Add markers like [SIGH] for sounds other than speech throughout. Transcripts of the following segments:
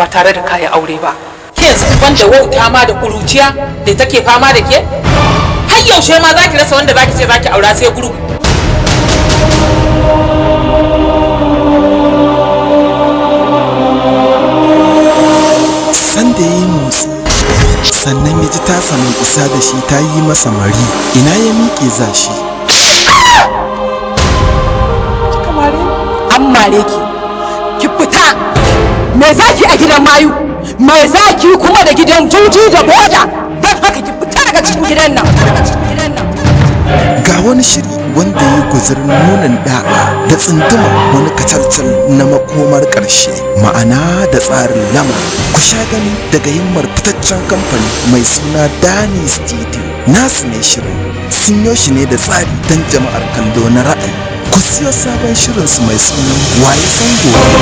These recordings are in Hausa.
ba tare da kayan aure ba ke yanzu da wauta ma da kuruciya da take fama da ke har yaushe ma zaki rasa wanda zaki ce zaki aura sai gurgu sanda ya yi motsi sannan ya ji ta samu isa da shi ta yi masa mari ina ya miƙe za shi an mare ki me zaki a gidan mayu me zaki kuma da gidan juji da boda don haka ki fita daga cikin gidan nan ga wani shiri wanda ya guzarin nunin da'a da tsunduma wani katartar na makomar ƙarshe ma'ana da tsarin lama, ku sha gani daga himmar fitaccen kamfani mai suna dani studio nasu ne shirin sun shi ne da tsari don jama'ar kallo na ra'ayi ku siyo sabon shirinsu mai suna waye san gobe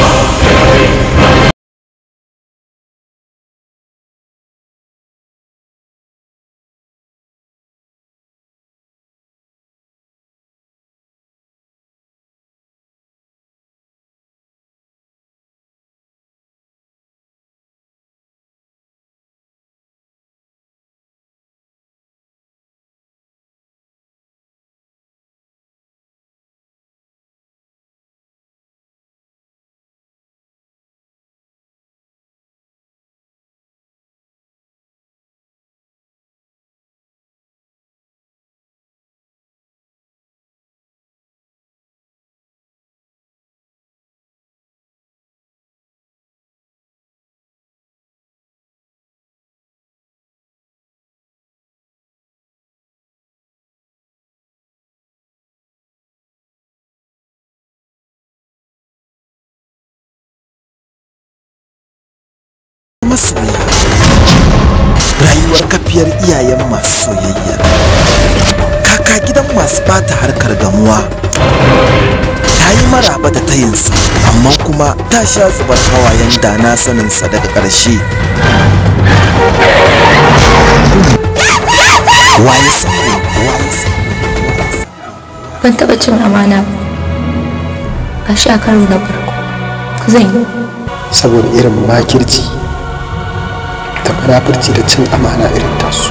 kafiyar iyayen masu soyayya kaka gidan masu bata harkar gamuwa ta yi maraba da tayinsa amma kuma ta sha zubar hawayen da na saninsa daga ƙarshe ban taɓa cin amana a shi na farko zan yi saboda irin makirci munafurci da cin amana irin tasu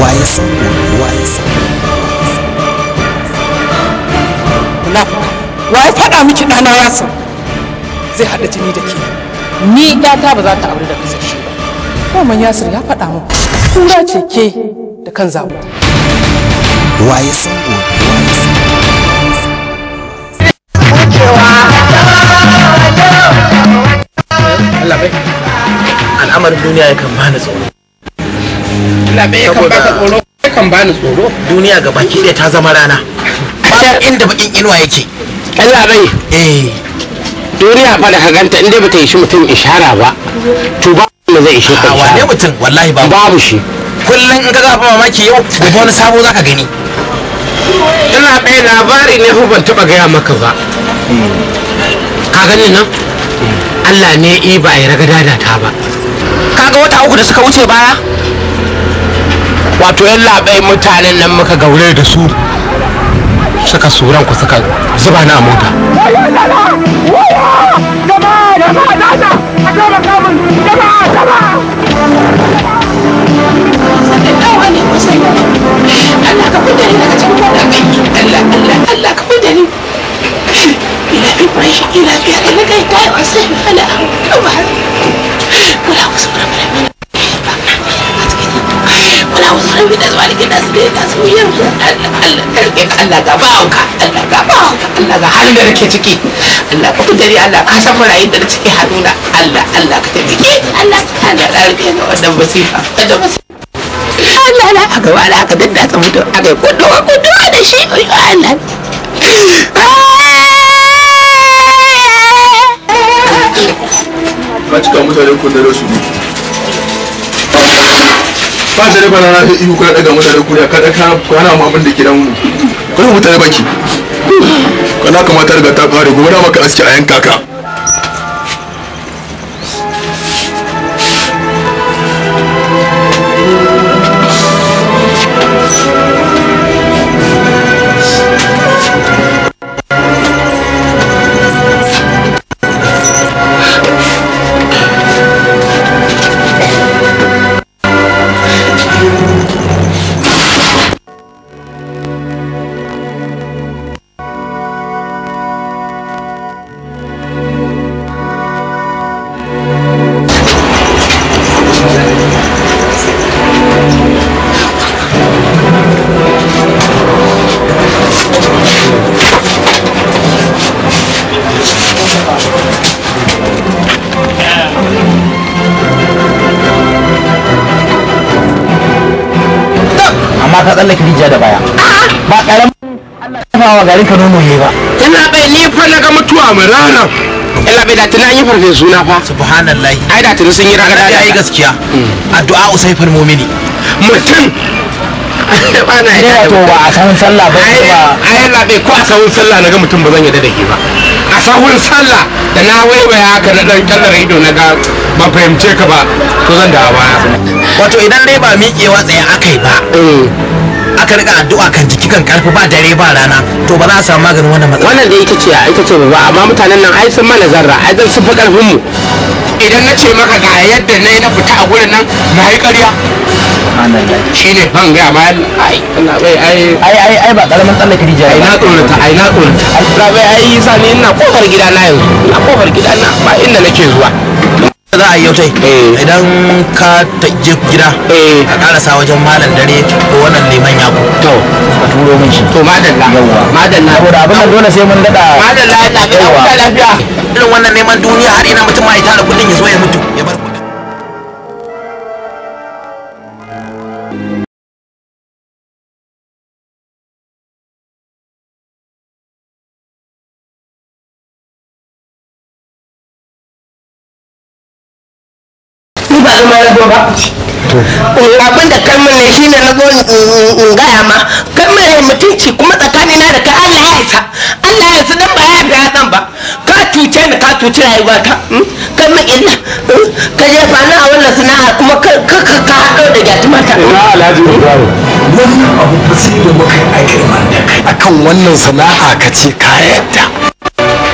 wise ne waye faɗa miki ɗana yasin zai haɗa jini da ke ni ɗata ba za ta auri da shi ba kuma yasir ya faɗa mu kura ce ke da kan zaɓo waye sun labai al'amarin duniya ya kan bani tsoro labai ya kan baka tsoro ya kan bani tsoro duniya ga baki ɗaya ta zama rana babu inda bakin inuwa yake labai eh duniya fa da ka ganta inda bata yi shi mutum ishara ba to ba mu zai ishe ka ishara wane mutum wallahi babu babu shi kullum in ka ga ba mamaki yau gobe wani sabo zaka gani ina ɗaya labari ne ko ban taɓa gaya maka ba hmm. ka gani nan hmm. Allah ne i ba ya raga da ta ba kaga wata uku da suka wuce baya wato yan labai mutanen nan muka gaure da su suka suran ku suka zuba na mota Allah ka fita ni daga cikin wannan Allah Allah Allah ka fita ni rayuwar lafiya da na kai tayi wasu fala kuma wala wasu da zuwa da su da ta su yin Allah Allah ga ba hauka Allah Allah ka kudari Allah ka san marayin da nake hannuna Allah Allah ka tabbike Allah Allah Allah aka wala aka daddatsa mutum aka yi kudu kudu da shi Allah ka cika mutane kunne da su ba da riba na ta ihu ka daga mutane kuriya ka kwana abin da ke kana mutane baki kana kamata daga ta gobe na maka aski a yanka ka garin kano mu yayi ba ina bai ni fa na ga mutuwa marara ina bai da tana yi farfe suna fa subhanallahi ai da tana sun yi ragada da ai gaskiya mm. addu'a usai far mu'mini mutum [LAUGHS] ba na yi eh, to ba a san sallah ba ba ai la bai ko a san sallah na ga mutum ba zan yi da ke ba a sahun sallah da na waiwaya ka na dan kallar ido na ga ba fahimce ka ba to zan da baya wato idan dai ba miƙewa tsaye akai ba mm. aka rika addu'a kan jiki kan karfi ba dare ba rana to ba za a samu maganin wannan matsala wannan da ita ce ita ce ba amma mutanen nan ai sun mana zarra ai zan sun fi karfin mu idan na ce maka ga yadda na yi na fita a gurin nan na yi ƙarya shi ne ban gaya ma ai ai ai ba ƙaramin tsalle ka rijiya ai na tsorata ai na tsorata ai ai sa ni ina kofar gidana yanzu ina kofar gidana ba inda nake zuwa za a yi yau eh. idan ka je gida eh. a karasa wajen malam dare ko wannan neman ya ku to ka turo min shi to madalla madalla ko da abin nan dole sai mun dada madalla ta ga lafiya irin wannan neman duniya har ina mutum ma ita da kullun ya zo ya mutu ya bar abin da kalmar ne shine na zo in gaya ma kalmar ne mutunci kuma tsakani na da ka Allah ya isa Allah ya isa dan ba ya biya dan ba ka cuce ni ka cuci rayuwa ta hmm? kalmar illa hmm? ka je fana a wannan sana'a kuma ka ka haɗo da gyatuma ta ina alhaji ibrahim wannan abu ba sai da muka aikar man da kai akan wannan sana'a ka ce ka yadda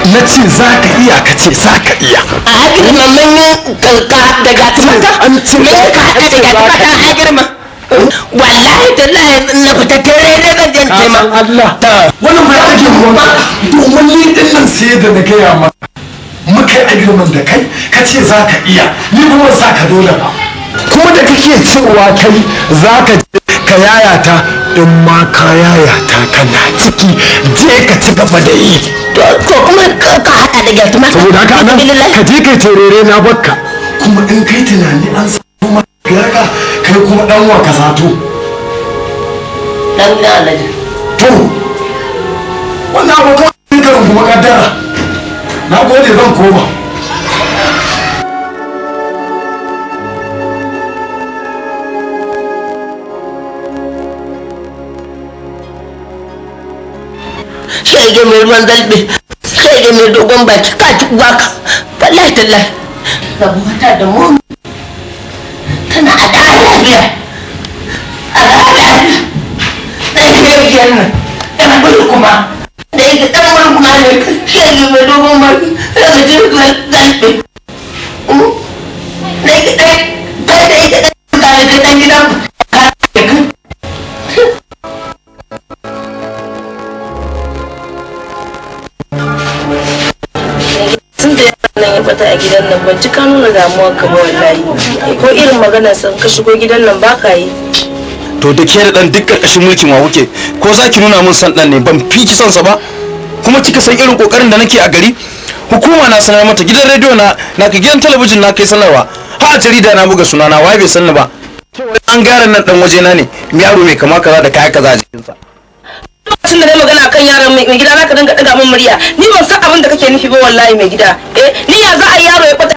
na ce za ka iya ka ce za ka iya a girma mun yi kanka da gatumata an ce mun ka haɗa da gatumata a girma wallahi tallahi na fita tare da zan je ma Allah wannan ba ya ke gona domin ni din nan sai da na gaya ma muka agirman da kai ka ce za ka iya ni kuma za ka dole ba kuma da kake cewa kai za ka je ka yayata in ma ka ta kana ciki je ka ci gaba da yi to kuma ka haɗa da gyatu ma saboda haka nan ka je kai terere na bakka kuma in kai tunani an samu ka kai kuma dan wa ka zato dan na alaji to wannan abu kuma karin kuma kaddara na gode zan koma shege mai ruwan zalbe shege mai dogon baki ka ci uwa ka wallahi tallahi mata da mu tana a da lafiya a da lafiya ɗan shegiyar nan ɗan kuma da yake dan bulu kuma ne shege mai dogon baki daga jirgin zalbe da yake ɗan da yake ɗan gidan damuwa ka ba wallahi ko irin magana san ka shigo gidan nan ba ka yi to da ke da dan duk kashin mulkin wa kuke ko za ki nuna min san dan ne ban fi ki son sa ba kuma kika san irin kokarin da nake a gari hukuma na sanar mata gidan rediyo na na ka gidan talabijin na kai sanarwa har a jarida na buga sunana wai bai ni ba an gyara nan dan waje na ne yaro mai kama kaza da kaya kaza a sa lokacin da magana kan yaron mai gida zaka dinga daga min murya ni ban san abin da kake nufi ba wallahi mai gida eh ni ya za a yaro ya kwata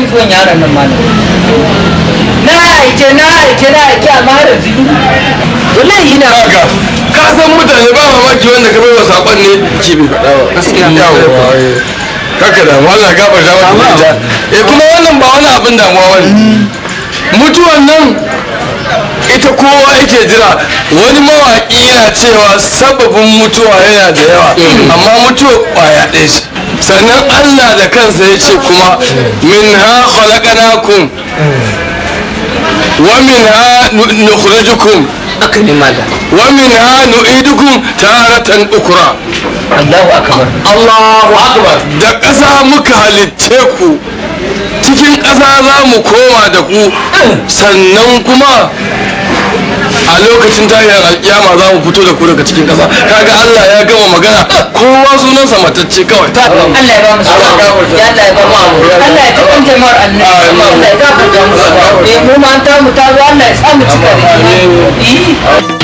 yi zuwan nan mana na aike na aike na aike a mara wallahi ina ga ka san mutane ba mamaki wanda ka baiwa ne ke bi faɗa wa gaskiya eh. da wannan eh, kuma wannan ba wani abin damuwa nan ita kowa yake jira wani mawaƙi yana cewa sababin mutuwa yana da yawa mm. amma mutuwa ɗaya shi. sannan allah da kansa ya ce kuma min ha khalaqnakum wa min ha nukhrijukum wa min ha nu'idukum taratan ukra Allahu akbar da ƙasa muka halicce ku cikin ƙasa za mu koma da ku sannan kuma a lokacin tarihin alkiyama za mu fito da ku daga cikin ƙasa kaga Allah ya gama magana kowa sa matacce kawai Allah ya ba mu ya Allah ya ba mu Allah ya tukun jama'ar annabi Allah ya gafarta musu eh, mu ma ta mu ta Allah ya samu cika da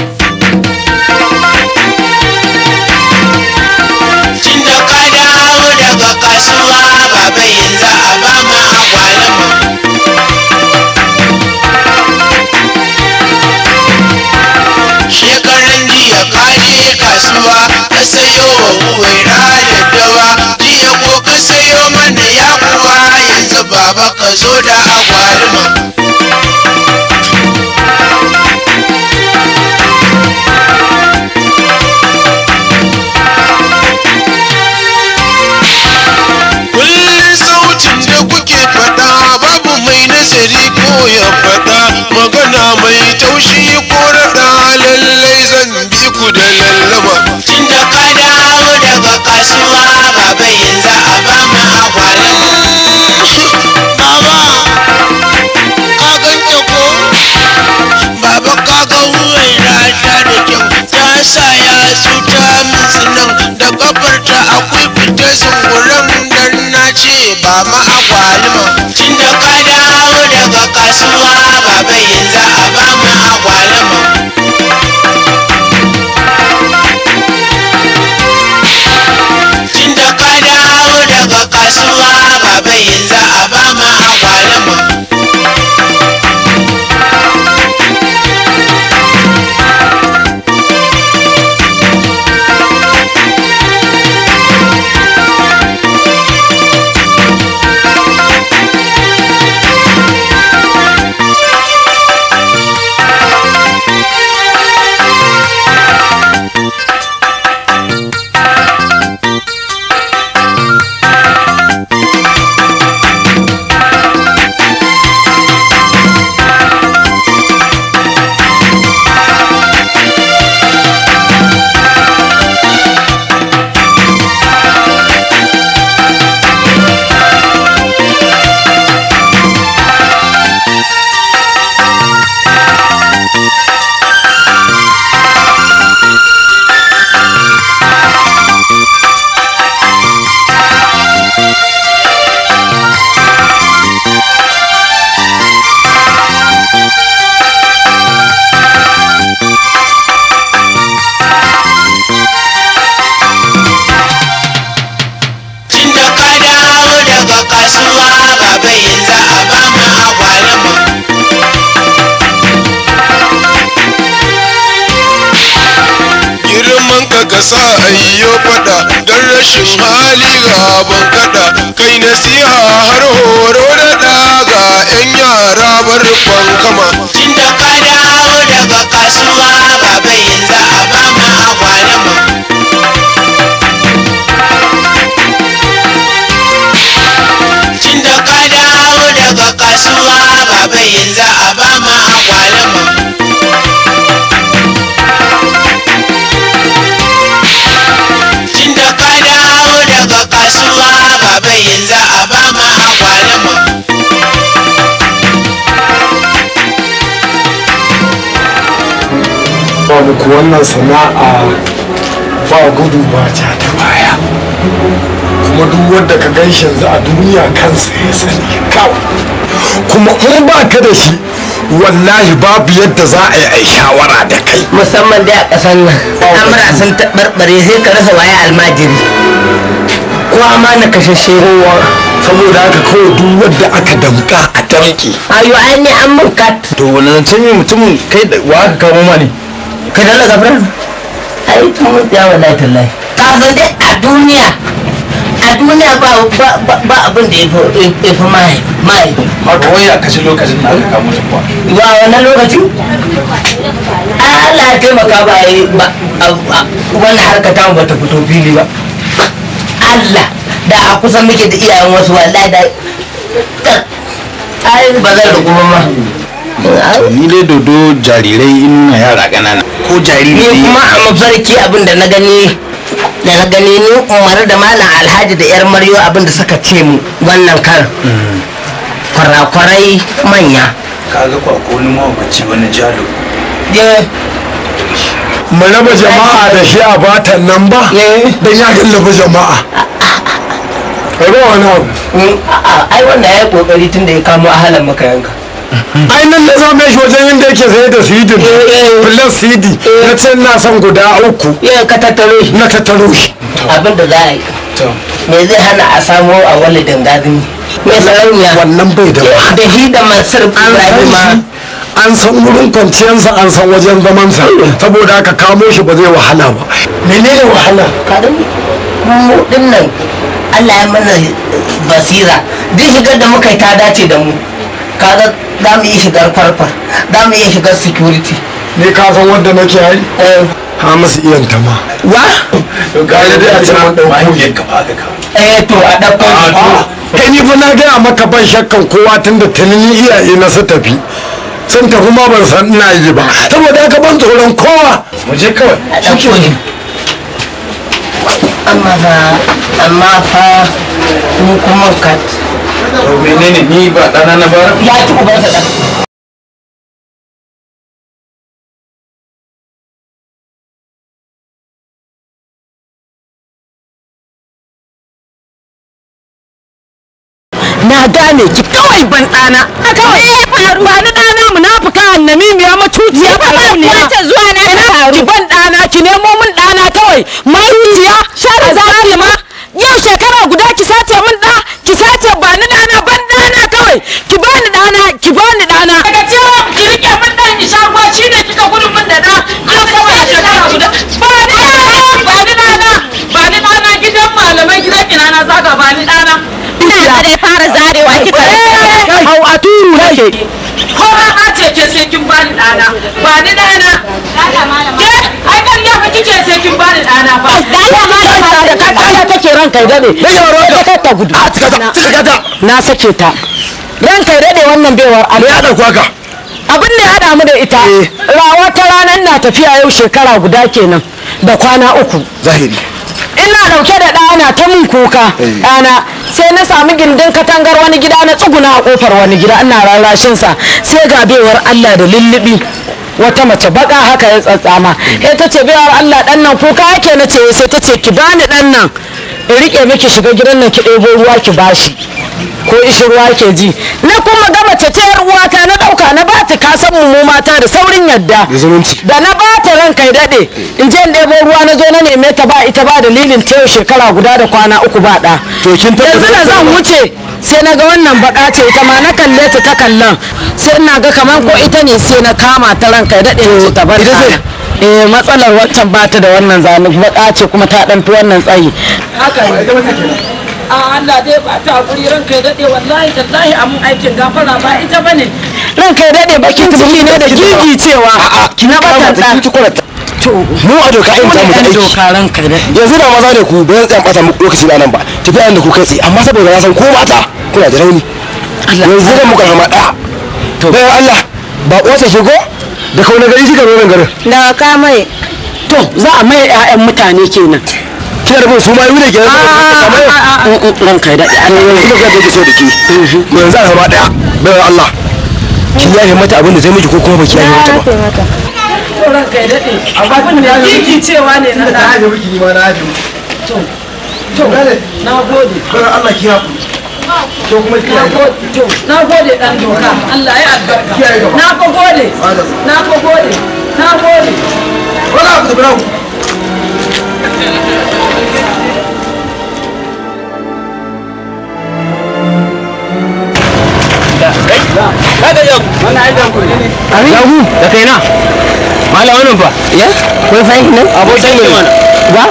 zo da agwaluma ma agwa alimo muku wannan sana'a ba gudu ba ta baya kuma duk wanda ka gan shi yanzu a duniya kansa ya sani kuma in ba ka da shi wallahi babu yadda za a yi a shawara da kai musamman dai a ƙasar nan al'amura sun taɓarɓare sai ka rasa waye almajiri ko amana kashashe ruwa saboda haka kawai duk wanda aka damka a damke ayo an ne an mun kat to wannan can yi mutumin kai da wa ka kamo mani kai dalla gafara ai ta mutiya wallahi tallahi ka san dai a duniya a duniya ba ba abin da ya fi mai mai maka wai a kashe lokacin da aka kamo ta kuwa ba wannan lokacin Allah ya taimaka ba yi wannan harka ta ba ta fito fili ba Allah da a kusan muke da iyayen wasu wallahi da ai ba zan rugu ba ni dai dodo jarirai in yara ganana ko jariri ne kuma a mafarki abin da na gani da na gani ni umar da malam alhaji da yar maryo abin da suka ce mu wannan kar kwarakwarai manya kaga kwako ba ci wani jalo mu raba jama'a da shi a batan nan ba dan ya gallaba jama'a ai ba wani abu mm, ai wanda ya yi kokari tun da ya kamo ahalan maka yanka ainihin na same shi wajen inda yake saye da cd plus cd na ce na son guda uku ka tattaro shi na tattaro shi abin da za a yi me zai hana a samu a wani dangazin mai sarauniya wannan bai da da shi da masar ibrahim an san wurin kwanciyarsa an san wajen zamansa eh. saboda aka kamo shi ba zai wahala ba menene wahala kaɗan mu dinnan Allah ya mana basira duk shigar da muka yi ta dace da mu kada za mu iya shigar farfar za mu iya shigar security ne ka san wanda nake yi eh. ha masu iyan ta ma wa gane dai a cikin dan dauko yanka ba ka eh to a dakko ah, ah. ka ni fa na gaya maka ban shakkan kowa tunda tunani iyaye na su tafi san tafi ma ban san ina yi ba saboda haka ban tsoron kowa mu je kawai shi amma fa ni kuma ka to menene ni ba dana na ba ya ci ubansa ɗan na gane ki kawai ban ɗana a kawai ya eh, faru ba na ɗana munafuka annamimiya matuciya ba ne ta zuwa na ki ban dana ki nemo min dana kawai ciya. ke ko ma ce ke sai kin bani dana ba ni dana ke ai kan ya fiki ce sai kin bani dana ba dana malama ka kana take ran kai dade da yaro da ka ta gudu a ah, tika ta ta na sake ta ran kai dade wannan baiwar Allah ya dauko ka abin da ya hada mu da ita eh. rawa ta ranar na tafiya yau shekara guda kenan da kwana uku zahiri ina dauke da ɗana ta mun kuka eh. ɗana sai na sami gindin katangar wani gida na tsuguna a kofar wani gida ina rarrashin sa sai ga bewar Allah da lullubi wata mace baka haka ya tsatsama sai ta ce bewar Allah dan nan kuka yake na ce eh, sai ta ce ki bani dan nan in rike miki shiga gidan nan ki ɗebo ruwa ki bashi ko ishi ruwa ke ji na kuma ga mace ta yar uwata na dauka na ba ta ka san mu mata da saurin yadda da na ba ta ran kai dade in je in debo ruwa na zo na neme ta ba ita ba dalilin ta shekara guda da kwana uku ba da yanzu da zan wuce sai na ga wannan baka ce ita ma na kalle ta ta kallon sai ina ga kamar ko ita ne sai na kama ta ran kai dade ta bar eh matsalar waccan ba ta da wannan zanu baka ce kuma ta dan wannan tsayi haka a Allah dai ba ta hakuri ranka ya dade wallahi tallahi amun aikin gafara ba ita bane ranka ya dade bakin ciki ne da gigi cewa kina ba ta ta mu a doka in ta mutu aiki yanzu da maza ne ku zan tsayan bata lokaci da nan ba tafiya da ku kai tsaye amma saboda na san ko mata kuna da rauni yanzu da muka zama ɗaya bayan Allah ba ki shigo da kauna gari shi ka zo nan garin da ka mai to za a mai 'ya'yan mutane kenan kiyar mun su ma yi ne ke ran ah, ah, ah, kai da yanzu da kai ke so da ki mhm. yanzu a gaba ɗaya bai Allah ki yaye mata abin da zai miki ko kuma ba ki yaye mata ba ran kai daɗi abin da ya yi ki cewa ne na da haje miki ni ma na haje miki to to na gode bar Allah ki hakuri to kuma ki gode to na gode dan doka Allah ya albarka na ko gode na ko gode na gode wala abu da bravo kada da kaina mala wannan fa ya kun san shi ne abokin mu ba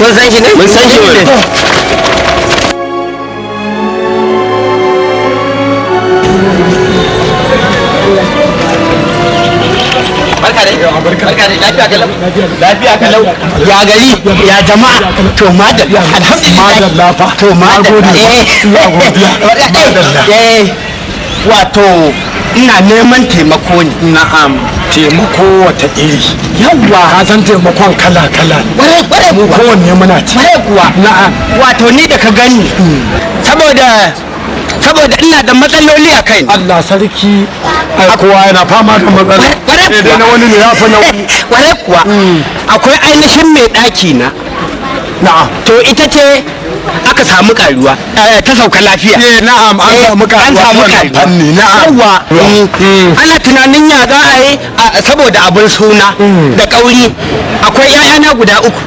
kun san shi ne mun san shi ne lafiya kalau ya gari ya jama'a to madal alhamdulillah to madal eh, eh, eh, wato ina neman taimako ne na'am taimako wata iri yawa ka san taimakon kala kala ware ware mu kowanne muna ci ware kuwa na'am wato ni da ka gani saboda saboda ina da matsaloli a kai Allah sarki ai kowa yana fama da matsaloli na wani ne ya fa wani [LAUGHS] ware kuwa hmm. akwai ainihin mai daki na na'am to ita ce aka samu karuwa eh, ta sauka lafiya eh na'am an eh, samu karuwa an samu fanni na'am mm. hmm. ana tunanin ya za a yi saboda abin suna hmm. da kauri akwai 'ya'yana guda uku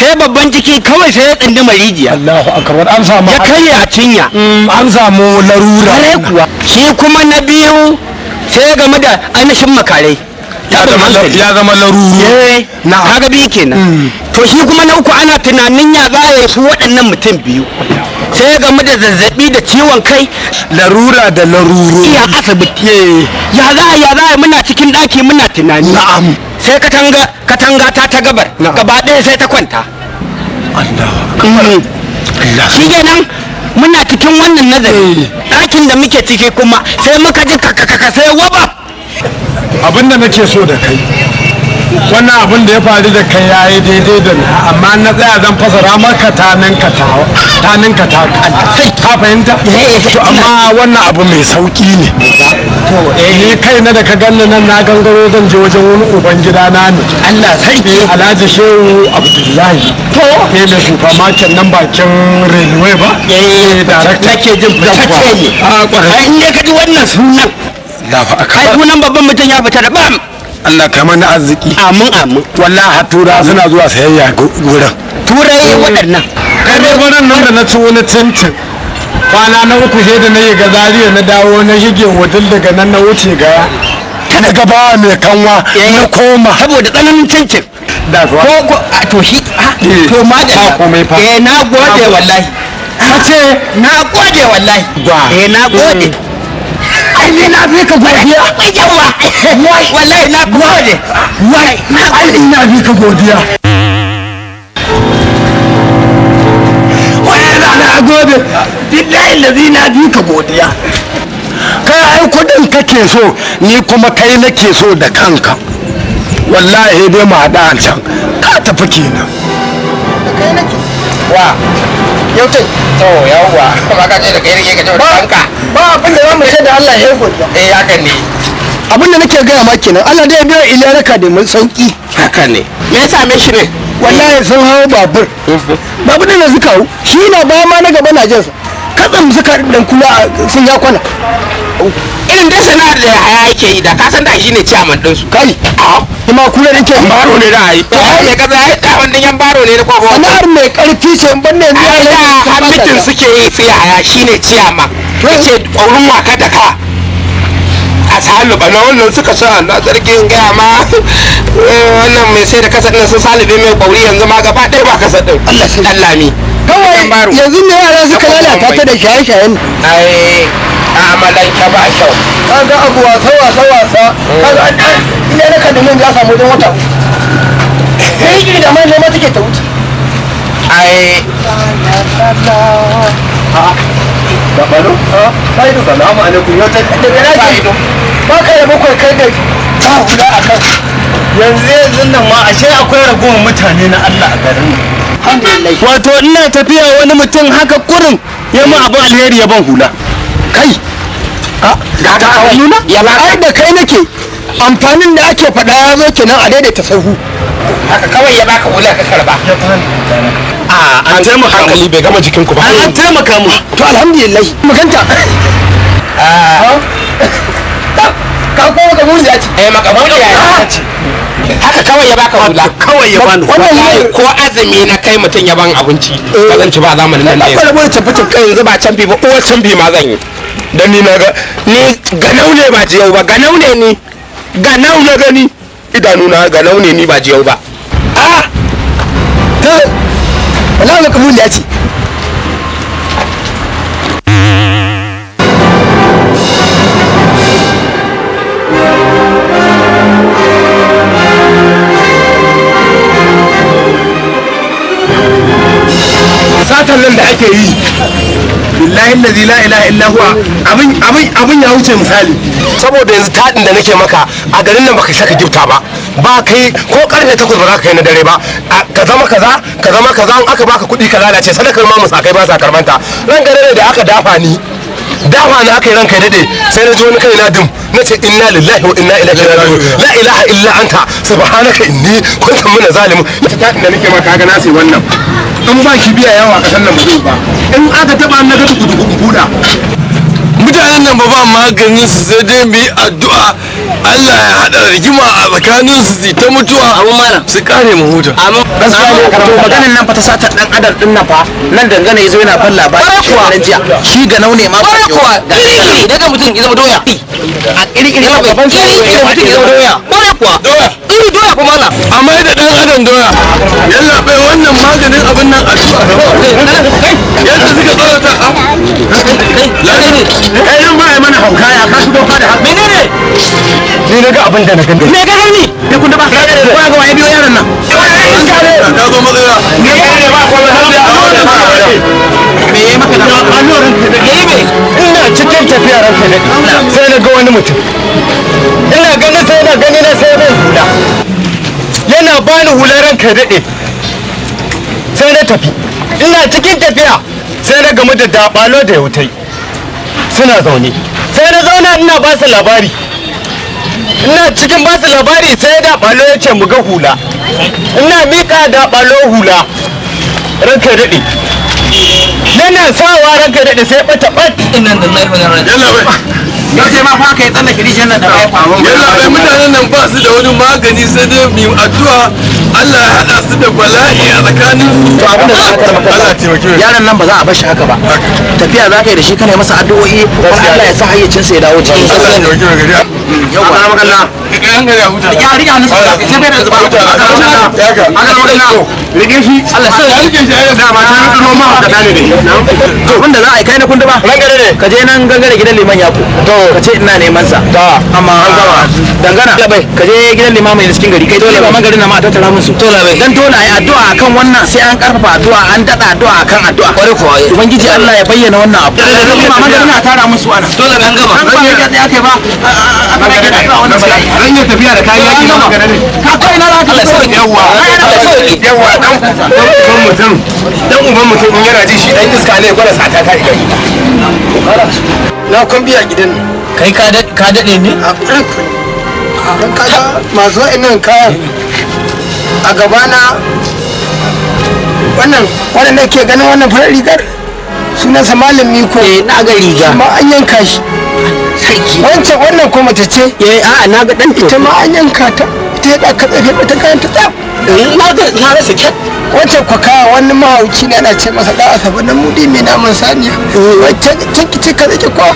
sai babban ciki kawai sai ya tsindi marijiya Allahu akbar an samu ya kai a cinya an samu larura kuwa shi kuma na biyu sai ya game da ainihin makarai ya zama laruru eh, na kaga biyu kenan mm. to shi kuma na uku ana tunanin ya za ya su waɗannan mutum biyu sai game da zazzabi da ciwon kai larura da laruru iya asibiti eh. ya za ya za muna cikin ɗaki muna tunani na'am sai katanga katanga ta ta gabar gaba ɗaya sai ta kwanta mm. shi kenan muna cikin wannan nazari eh. ɗakin da muke ciki kuma sai muka ji kakakaka sai wabab abinda nake so da kai wannan abin da ya faru da kai ya yi daidai da na amma na tsaya zan fasara maka tanin ka ta nan ka ta ta fahimta eh, eh, to amma wannan abu mai sauki ne eh, ni kai na da ka ganni nan na gangaro zan je wajen wani uban gida na ne Allah sai ne Alhaji Shehu Abdullahi to ne da supermarket nan bakin railway ba eh director nake jin fitacce ne a ah, kwarai in ka ji wannan sunan Allahu akbar ai gunan babban mutum ya fita da bam Allah kai mana arziki amin amin wallahi tura suna zuwa sayayya gurin turai eh. waɗannan kai dai gwanan nan da na ci wani cincin kwana na uku sai da na yi gazariya na dawo na shige hotel daga nan na wuce gaya na gaba mai kanwa eh. na koma saboda tsananin cincin da zuwa ko to shi eh. to ma da komai fa eh na gode wallahi ce na gode wallahi eh na gode ai ni na fi ka godiya yawa wallahi na gode wai ai ni na fi ka godiya wai na na gode billahi lazi na fi ka godiya kai ai kudin kake so ni kuma kai nake so da kanka wallahi dai da an can ka tafi kenan wa yau to yawwa [LAUGHS] ba ka ce da kai rike ka ce banka ba abin da zamu sai da Allah ya godiya eh haka ne abin da nake gaya ma kenan Allah dai ya biya ilaraka da mun sauki haka ne me yasa me shi ne wallahi sun hawo babur [LAUGHS] babur da suka hau shi na ba ma na gaba na jinsa katsam suka dan kuma sun ya kwana irin dai sana'ar da ya haya yake yi da ka san da shi ne ciyaman ɗinsu kai m'a kula da ke baro ne da yi to ai mai kaza ai da wannan yan baro ne da kwakwa sana'ar mai karfi ce ban ne ne da hamitin suke yi sai haya shine ciyaman yake ƙaurin waka da ka a salu bana wannan suka sha na tsarkin gaya ma eh, wannan mai sai da kasar ɗin sun salibe mai ƙauri yanzu ma gaba ɗaya ba kasa ɗin Allah sai Allah mi kawai yanzu ne yara suka lalata ta da shaye-shayen ai mu'amalance ba kyau kaga abu wasa wasa wasa mm. kaga an ina na kadumin ya samu don wata kai ki da mai ma take ta wuce ai da balo sai da salamu alaikum yau ta daga naki ba ka da bakwai kai da ta hula akan yanzu yanzu nan ma ashe akwai ragowar mutane na Allah a garin wato ina tafiya wani mutum haka kurin ya mu abu alheri ya ban hula kai ga hannuna ai da kai nake amfanin da ake faɗa ya zo kenan a daidaita sahu haka kawai ya baka wula ka karba an taimaka mu bai gama jikin ku ba an taimaka mu to alhamdulillah maganta ka ko maka murja ce eh maka murja ah! haka kawai ya baka hula kawai ya bani wallahi ko azumi na kai mutum ya ban abinci ba eh. zan ci ba zamanin nan ne ba mun tafi tafi yanzu ba can bi ba can bi ma zan yi dan ni na ga ni ganau ne ba jiyau ba ganau ne ni ganau na gani idanu na ganau ne ni ba jiyau ba a ah! ta wallahi maka mun ya ce satan nan da ake yi billahi allazi la ilaha illa huwa abin abin abin ya wuce misali saboda yanzu tadin da nake maka a garin nan baka saka gifta ba ba kai ko karfe takwas ba za ka yi na dare ba ka zama kaza ka zama kaza in aka baka kuɗi ka lalace sadakar ma musakai ba sa karbanta ran gare da aka dafa ni dafa na aka yi ranka ya dade sai na ji wani kai na dum na ce inna lillahi wa inna ilaihi raji'un la ilaha illa anta subhanaka inni kuntu min zalimin ta da nake maka ga na sai wannan in ba shi biya yawa kasan nan mutum ba in aka taba na ga tuku kuda mutanen nan ba ba maganin su sai dai mu yi addu'a Allah ya hada rigima a tsakanin su ta mutuwa abu mana su kare mu huta amin gaskiya ne karatu maganin nan fa ta satar dan adar din nan fa nan dangane yazo yana fan labari shekaran jiya shi ga naune ma ba kuwa kirikiri daga mutum ya zama doya a kiri ba ban kirikiri mutum ya zama doya kuwa doya fi mala a mai da dan adam doya yalla bai wannan maganin abin nan addu'a yadda suka a ah. kai nan eh, baya mana hauka ya ka shigo menene ni na ga abin da na me ga ne kun da ba ka ga waye biyo nan ka zo matsaya ne ga ne ba ko me yayi maka da da ina cikin ranka ne sai na ga wani mutum ina ganin sai na ganin sai bai huda yana bani hular ranka daɗe sai na tafi ina cikin tafiya sai na gamu da dabalo da yautai suna zaune sai na zauna ina ba su labari ina cikin ba su labari sai dabalo ya ce mu ga hula ina miƙa dabalo hula ranka daɗe yana sawa ranka daɗe sai ɓata ɓat ya ce ma fa ka yi tsallake rijiyar nan da bayan faru yana bai mutanen nan ba su da wani magani sai dai mu addu'a Allah ya hada su da bala'i a tsakanin su to abin da za ka maka Allah taimake nan ba za a bar shi haka ba tafiya za ka yi da shi kana masa addu'o'i Allah ya sa hayyacinsa ya dawo cikin sa yawa da wanda za a yi kai na kunda ba rangare ka je nan gangare gidan liman yako ka ce ina neman sa amma an gaba dangana labai ka je gidan limamin da cikin gari kai dole ba magarin na ma ta tara musu to labai dan dole ai addu'a akan wannan sai an karfafa addu'a an dada addu'a akan addu'a kware ko ubangiji Allah ya bayyana wannan abu ma magarin na tara musu ana dole an gaba ban ba ya kai ba a kai wannan kake tafiya da kayan yaki na magana ne ka kai na za ka da sauki yawa yawa dan uban mutum dan uban mutum in yana ji shi dan iska ne gwada sata ta idan na kun biya gidan kai ka daɗe ne ah, a ɗan kaga masu wa'annan kayan a gabana wannan wannan da ke ganin wannan farar rigar sunansa malami ko eh, na ga riga amma an yanka shi sarki wancan wannan ko mace ce eh a'a na ga dan ita ma an yanka ta ita ya ka tsafe ta kayan ta tsaf eh, na ga na rasa kyan wancan kwa kaya wani mahauci ne ana ce masa da asabar na mudi mai naman saniya wancan kinki ce ka zake kwa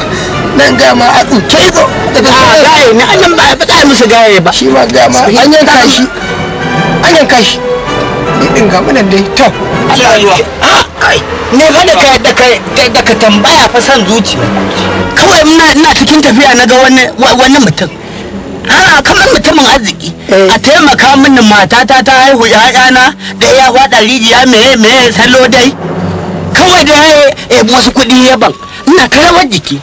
nan gama a tsuke izo daga ah, gaye ne annan ba a faɗa musu gaye ba shi ma gama an yanka shi an yanka shi ɗin ga munan dai to Allah ya ne fa da ka da ka tambaya fa san zuciya kawai ina ina cikin tafiya na ga wani wani mutum a kamar mutumin arziki eh. a taimaka mini matata ta ta haihu ya'yana da ya faɗa rijiya meye meye salo dai kawai da ya wasu kuɗi ya ban ina karawar jiki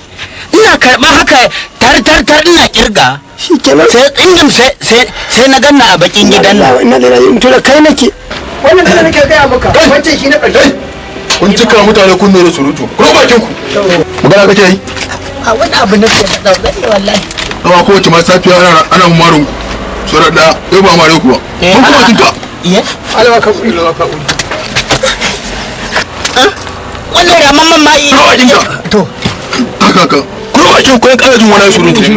ina karɓa haka tartartar ina kirga sai tsingim sai na ganna a bakin gidan nan wannan da na yi mutu da kai nake wannan da nake gaya maka eh. wancan shi na ƙarshe kun cika mutane kunne surutu ku ku magana yi a wani abu na ne wallahi amma ko wace ma safiya ana ana marun ku sura da yau ba mare ku ba mun kuma kinka iya alwa ka uri alwa ka uri wannan ramamma ma yi rufe kinka ka ku kin ku surutu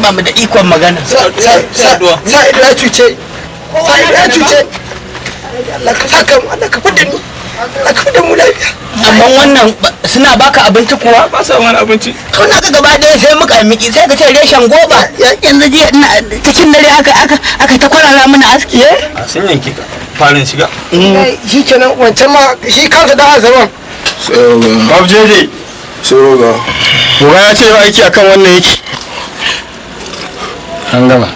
mun ba sai na cuce Allah ka saka mu Allah ka fidda ni Allah ka fidda mu lafiya amma wannan suna baka abinci kuwa ba sa wani abinci to na ga gaba ɗaya sai muka miki sai ka ce reshen goba yanzu jiya ina cikin dare aka aka aka ta kwarara mana aski eh sun yanke ka farin shiga mm. shi kenan wancan ma shi kansa da azaban uh, babu jeje uh, ya ce aiki akan wannan yake an gama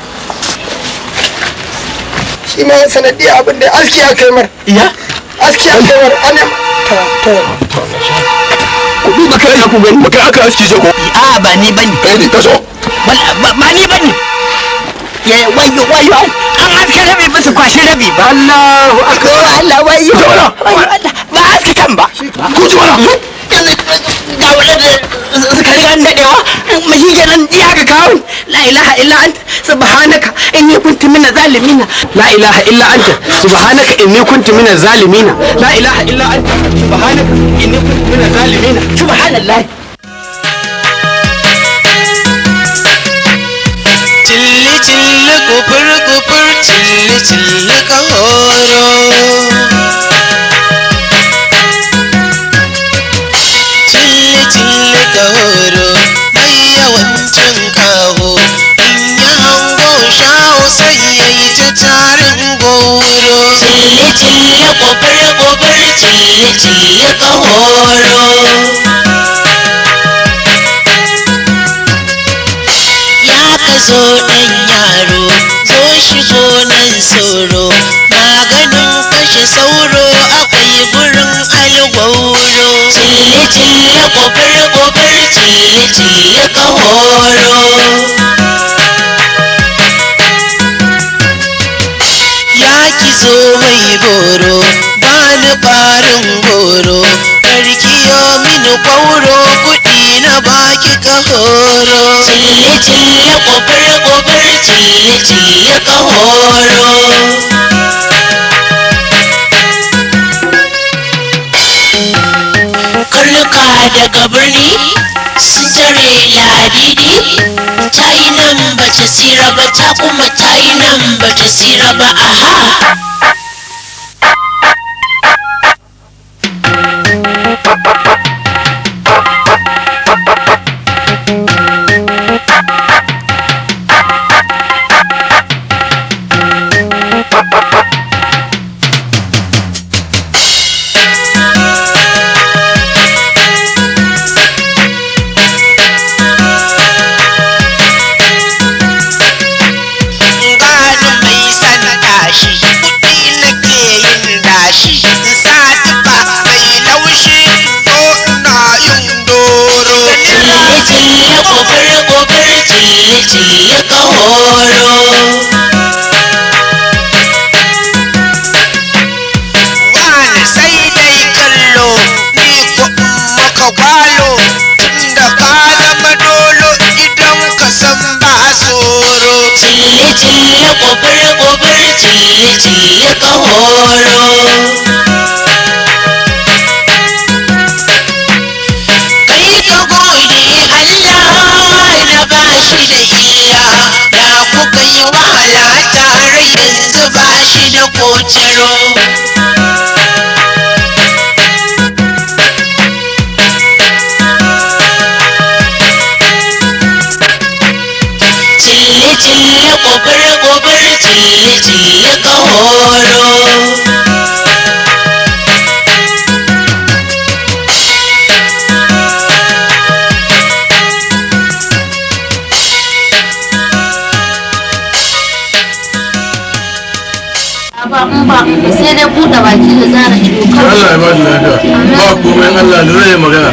shi ma sanadiyar abin da aski a kai mar iya aski a kai mar Ana ta ta ku ba kai ku gani ba kai aka aski je ko a ba ni bane kai ne kaso ba ni bane ya wayo wayo an aski rabi ba su kwashi rabi ba Allahu akbar Allah wayo ba aski kan ba ku ji لا إله إلا أنت سبحانك إني كنت من الظالمين لا إله إلا أنت سبحانك إني كنت من الظالمين لا إله إلا أنت سبحانك إني كنت من الظالمين سبحان الله تلي تلي كبر كبر تلي تلي كهرو da horo mai yawancin kaho in ya hango shawo sai ya yi ta tarin goro cille cille kobar kobar cille cille kahoro ya ka zo ɗan yaro zo shigo nan soro maganin kashe sauro ciye kofar kofar ciye ciye ka horo ya ki zo mai boro bani barin goro karkiyo mini kwauro kuɗi na baki ka horo ciye ciye kofar kofar ciye ciye ka horo daga birni sun tsare ladidi ta yi nan ba ta tsira ba ta kuma ta yi nan ba ta tsira ba aha cille kofar kofar cille cille kahoro sai buɗe Allah ya lafiya ba komai Allah da zai magana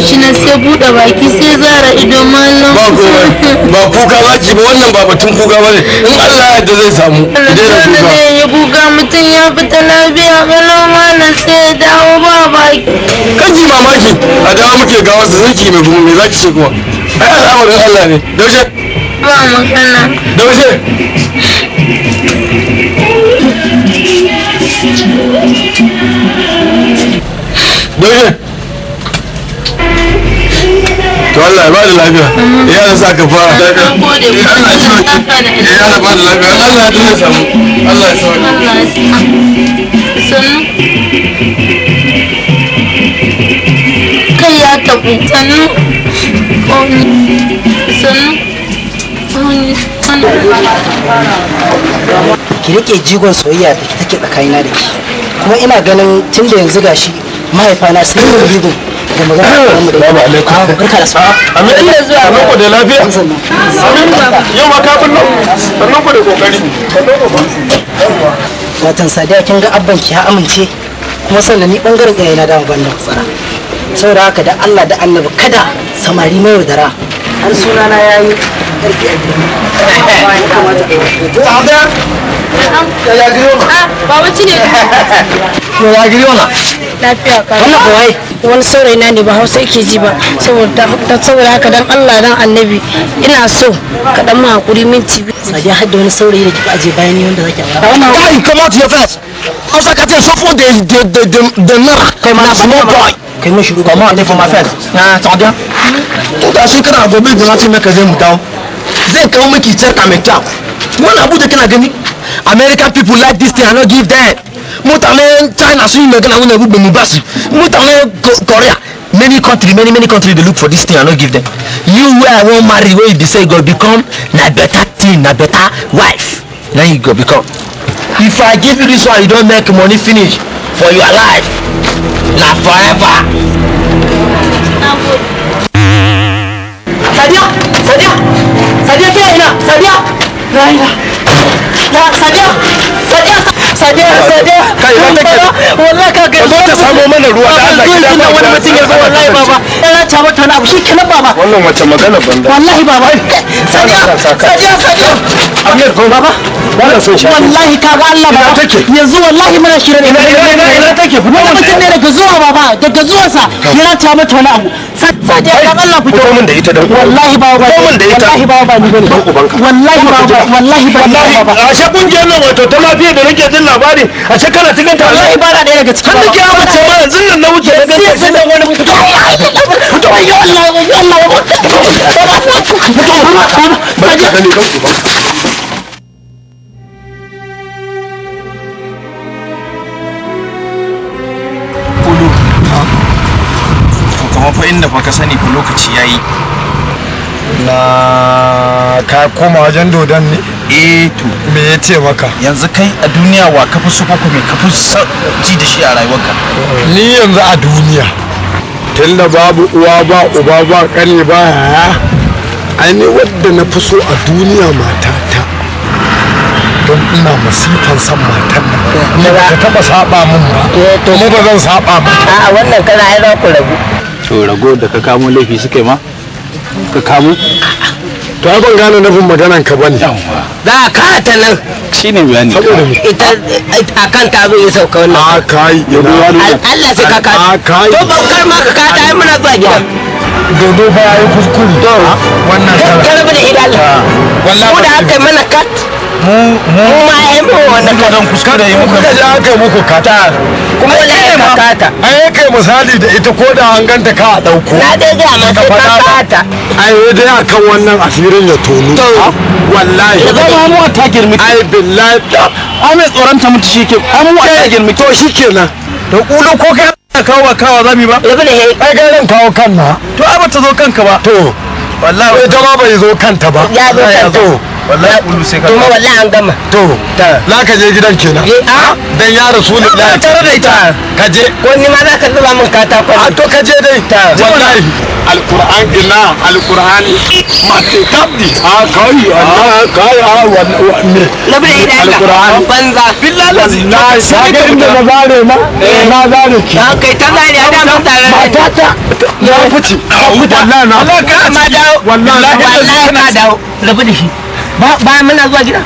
gashi nan sai buɗe baki sai zara ido mallam ba komai ba kuka ba ki ba wannan ba batun kuka ba ne in Allah ya yarda zai samu idan kuka ne ya kuka mutum ya fita lafiya kana mallam sai dawo ba baki ji mamaki a dawo muke ga wasu zaki mai kuma me zaki ce kuma ai al'amarin Allah ne daushe ba magana daushe daushe Allah ya bada lafiya ya da ka fara lafiya Allah ya sauke ya da bada lafiya Allah ya dinga samu Allah ya sauke kai ya tafi sannu sannu ki rike jigon soyayya da take tsakanina da ke kuma ina ganin tun da yanzu gashi mahaifana sun yi rigin da magana Assalamu alaikum. Barka da sa'a. Amin ina zuwa. Sannan ku da lafiya. Amin yau ma ka binno. Sannan ku da kokari. Watan Sadiya kin ga abban ki ya amince kuma sannan ni bangaren iyaye na dama ban da tsara. Saboda haka da Allah da Annabi kada samari mai yaudara. Har suna na yayi. Ya giri ah, [LAUGHS] Ya giri Lafiya ka. Wannan kawai. wani saurayi na ne ba hausa yake ji ba saboda haka dan allah dan annabi ina so ka dan hakuri minti biyu sadiya hadda wani saurayi da kika aje bayan ni wanda zaki aura why come out your face hausa ka ce so for the the the the, the nar kai ma small boy kai ma shiru comment on for my face na sadiya to da shi kana gobe da lati maka zai mutawo zai kawo miki cerka mai kyau wannan abu kana gani american people like this thing i no give them mutane china so you gana wuna gbogbo mu basu mutane korea many country many many country dey look for this thing i no give them you wey i wan marry wey you be say you go become na better thing na better wife na you go become if i give you this one you don make money finish for your life na forever. sadiya sadiya sadiya kí ẹ̀yin náà sadiya. sadiya sadiya sadiya. sade sade kai ba take wallahi ka ga ta samo mana ruwa da Allah ki da wani mutum ya zo wallahi baba ina ta mata wani abu shi kenan baba wannan wace magana banda wallahi baba sade sade sade amir ko baba wannan sun sha wallahi ka ga Allah baba yanzu wallahi muna shirin ina ina ina take fito wannan mutum ne daga zuwa baba daga zuwansa ina ta mata wani abu sade dan Allah fito min da ita dan wallahi baba wallahi baba ni bane wallahi baba wallahi baba wallahi a she kungiyar nan wato ta lafiya da nake jin labari a ce ta ganta ta wallahi ba na daga cikin hannu ke ba yanzu nan na wuce da cikin sai da wani mutum fito ya Allah ya ku sani lokaci yayi na ka koma wajen dodon ne eh to me ya ce maka yanzu kai a duniya wa ka fi so ko me ji da shi a rayuwarka ni yanzu a duniya tunda babu uwa ba uba ba kane ba yaya aini wadda na fi so a duniya matata don ina masifan san matar ne ba ka taba saba min ba eh, to mu ba zan saba ba a wannan kana ai za ku ragu to rago da ka kamo laifi suke ma ka kamo to ai ban gane nufin maganan ka bane za ka ta nan shine bayani saboda me ita akan ta zo ya sauka wannan a ah, kai ya ruwa ne Allah sai ka ka ah, to baukar ma ka ta ai muna zuwa gida ah. dodo ba ya kuskure to wannan ka rabu da idan Allah wallahi ko da aka mana kat mu ma kuskure yi an muku kuma misali da ita ko da an ganta ka dauko na dai ga ma ka kata ai dai akan wannan asirin ya tonu ah, wallahi da ba mu ta girmi ai billahi ai tsoron ta mutu shike ai mu ta girmi to shikenan da kulun ko kai kawo kawo zami ba yabi da hei ai garin kawo kan to ai bata zo kanka ba to wallahi eh, ita ma bai zo kanta ba ya zo wallahi bulu sai ka kuma wallahi an gama to la ka je gidan kenan eh a dan ya rasulullahi tare da ita ka je ko ni ma za ka duba min a to ka je dai wallahi alquran ina alquran ma te kabdi a kai Allah kai a wanne labre ida alquran banza billahi lazi na sage inda na zare eh. ma na zare ki ka kai ta zare a da mutare ta ya fice wallahi na wallahi ka wallahi na dawo rabu da shi bayan muna zuwa gida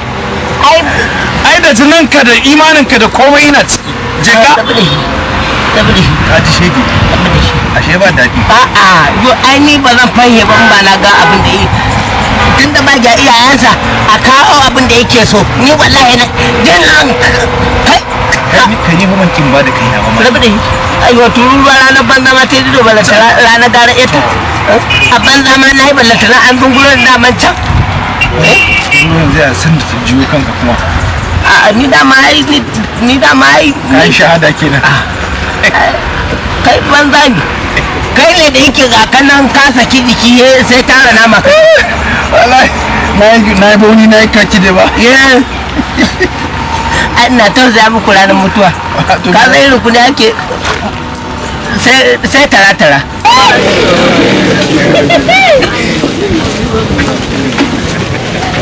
ai da jininka da imaninka da komai yana ciki jika ka ji shege ashe ba daɗi a'a yo ai ni ba zan fanye ba ba na ga abin da yi tun da ba ga iyayensa a kawo abin da yake so ni wallahi na jin an kai kai ni kuma kin ba da kai na ba rabu da ai wato ruwa ranar banza ma ta yi dido balantana ranar gara ita a banza ma na yi balantana an dungulo da daman can Eh? yanzu san da ta kanka kuma a ni da ma ai ni da ma ai kai shahada kenan ah. kai banza ne kai ne da yake ga kanan ka saki jiki sai tara nama kai eh, wallahi na yi na yi bauni na yi kaki da ba ina tausaya muku ranar mutuwa ka zai rukuni ake sai tara-tara eh. [LAUGHS]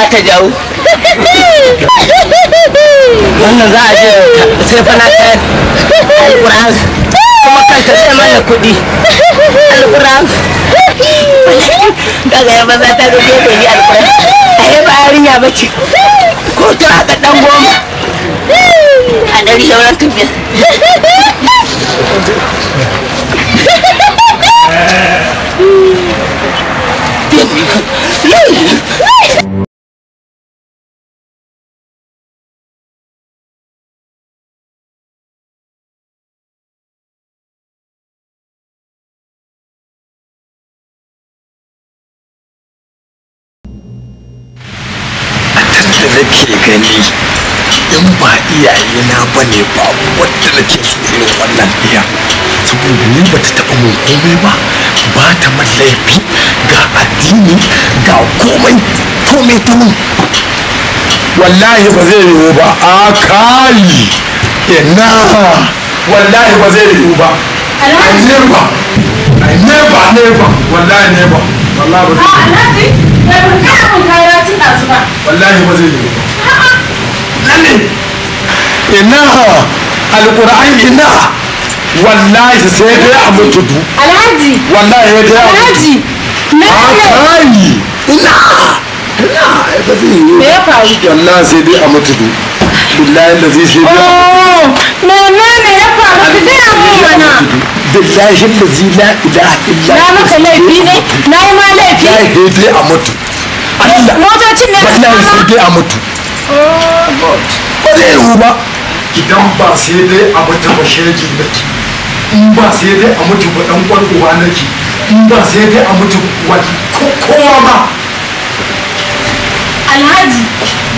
za ta jawo wannan za a je sai fa na kayan alƙur'an kuma kanta sai mana kudi alƙur'an daga yamma za ta zoge da yi alƙur'an a yi ba yarinya ba ce ko ta haka dan goma a ɗari sauran tafiya Yeah. kake gani in ba iyaye na ba ne ba wadda nake so irin wannan iya saboda ni ba ta taɓa mun komai ba ba ta man laifi ga addini ga komai komai ta mun wallahi ba zai yiwu ba a kali ina wallahi ba zai yiwu ba a never i never never wallahi never wallahi ba zai ah, yiwu Bai Ina alƙur'an ina wallahi sai dai a mutudu. Alhaji. Wallahi ya dai Alhaji. Na kai. Ina. Ina ba zai yi ya Wallahi sai dai a mutudu. billahi da zai sai biya oh, menene ya faru ka gaya mun mana billahi da zai la ilaha illa na maka laifi ne na yi ma laifi ya yi dai a mutu Allah motocin ne oh, ba ba idan ba sai dai a mutu ba shege nake in ba sai dai a mutu ba dan kwan uba nake in ba sai dai a mutu wa kowa ma alhaji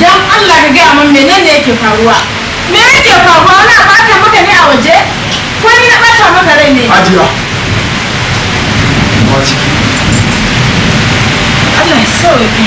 don allah ka gaya min menene yake faruwa me yake faruwa na bata maka ne a waje ko ni na bata maka rai ne ajiya Allah ya sauke.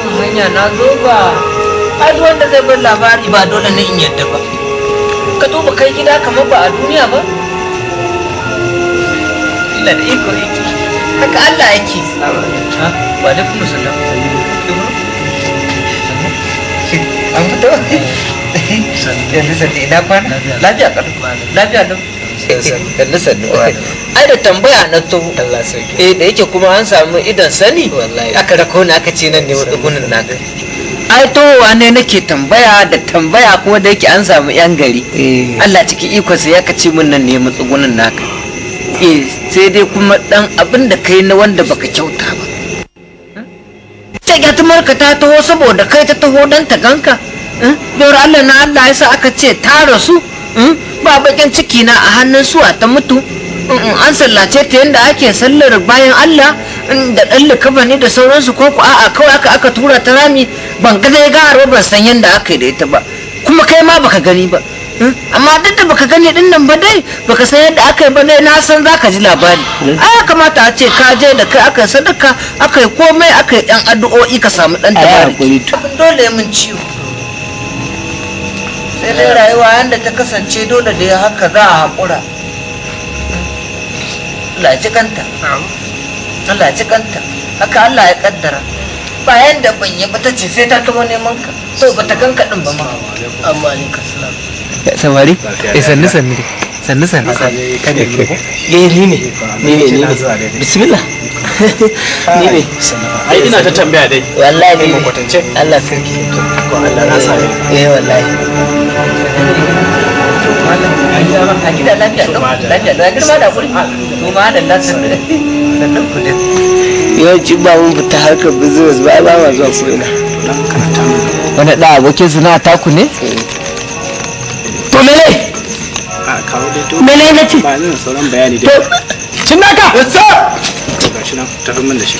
hanya na zo ba ai duk wanda zai bar labari ba dole ne in yadda ba ka tuba kai gida kamar ba a duniya ba illa da iko yake haka Allah yake ba da kuma sallah ba an fito yanzu sanda ina kwana lafiya kalau lafiya lau ai da tambaya na to eh da yake kuma an samu idan sani aka rako ni aka ce nan ne gunin naka ai to wane nake tambaya da tambaya kuma da yake an samu yan gari Allah ciki iko sai ya ce min nan ne matsugunin naka eh sai dai kuma dan abin da kai na wanda baka kyauta ba ta ya ta marka ta taho saboda kai ta taho dan ta ganka don Allah na Allah yasa aka ce ta rasu zuba bakin ciki na a hannun suwa ta mutu mm, mm, an sallace ta yadda ake sallar bayan Allah mm, da ɗan likaba ne da sauransu ko ku a'a kawai aka aka tura ta rami ban ga dai gawar ban san yadda aka yi da ita ba kuma kai ma baka gani ba amma duk da baka gani din nan ba dai baka san yadda aka yi ba dai na san zaka ji labari a kamata a ce ka je da kai aka sadaka aka yi komai aka yi dan addu'o'i ka samu dan dabari dole mun ciwo sai dai rayuwa yadda ta kasance dole da ya haka za a haƙura Allah kanta kanta haka Allah ya kaddara ba yadda ban yi ta ce sai ta kama neman ka so ba ta kanka din ba ma amma ne ka salam eh, samari eh sannu sannu sannu sannu kada ke eh, eh, eh ni ne ni ne ni ne bismillah [LAUGHS] ni ne ai ina ta tambaya dai wallahi ne Allah sarki ko Allah na sa eh wallahi a gida ba mun fita harkar business ba ba ma zuwa ko ina wani abokin taku ne to ah, na ce ba cin naka yasa ga shi min da shi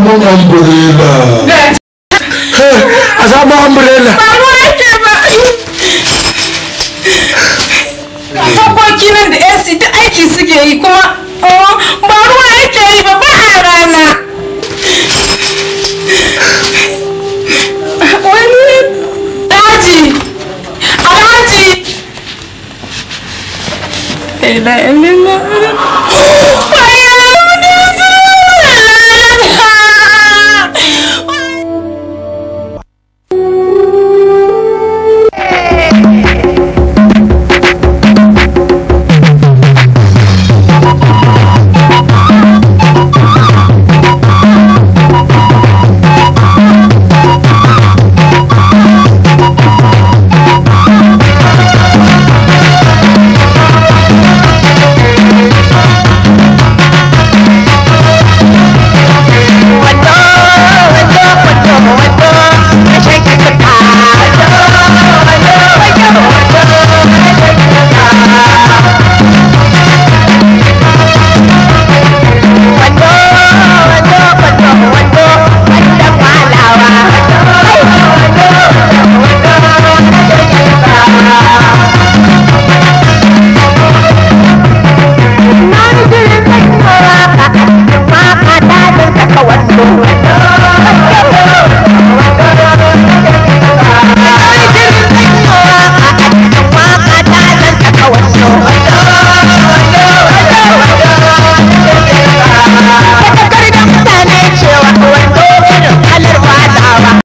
mun umbrella a samu umbrella ba yake oh, ba da ac ta aiki suke yi kuma ba ruwa yake yi ba ba a rana wani la.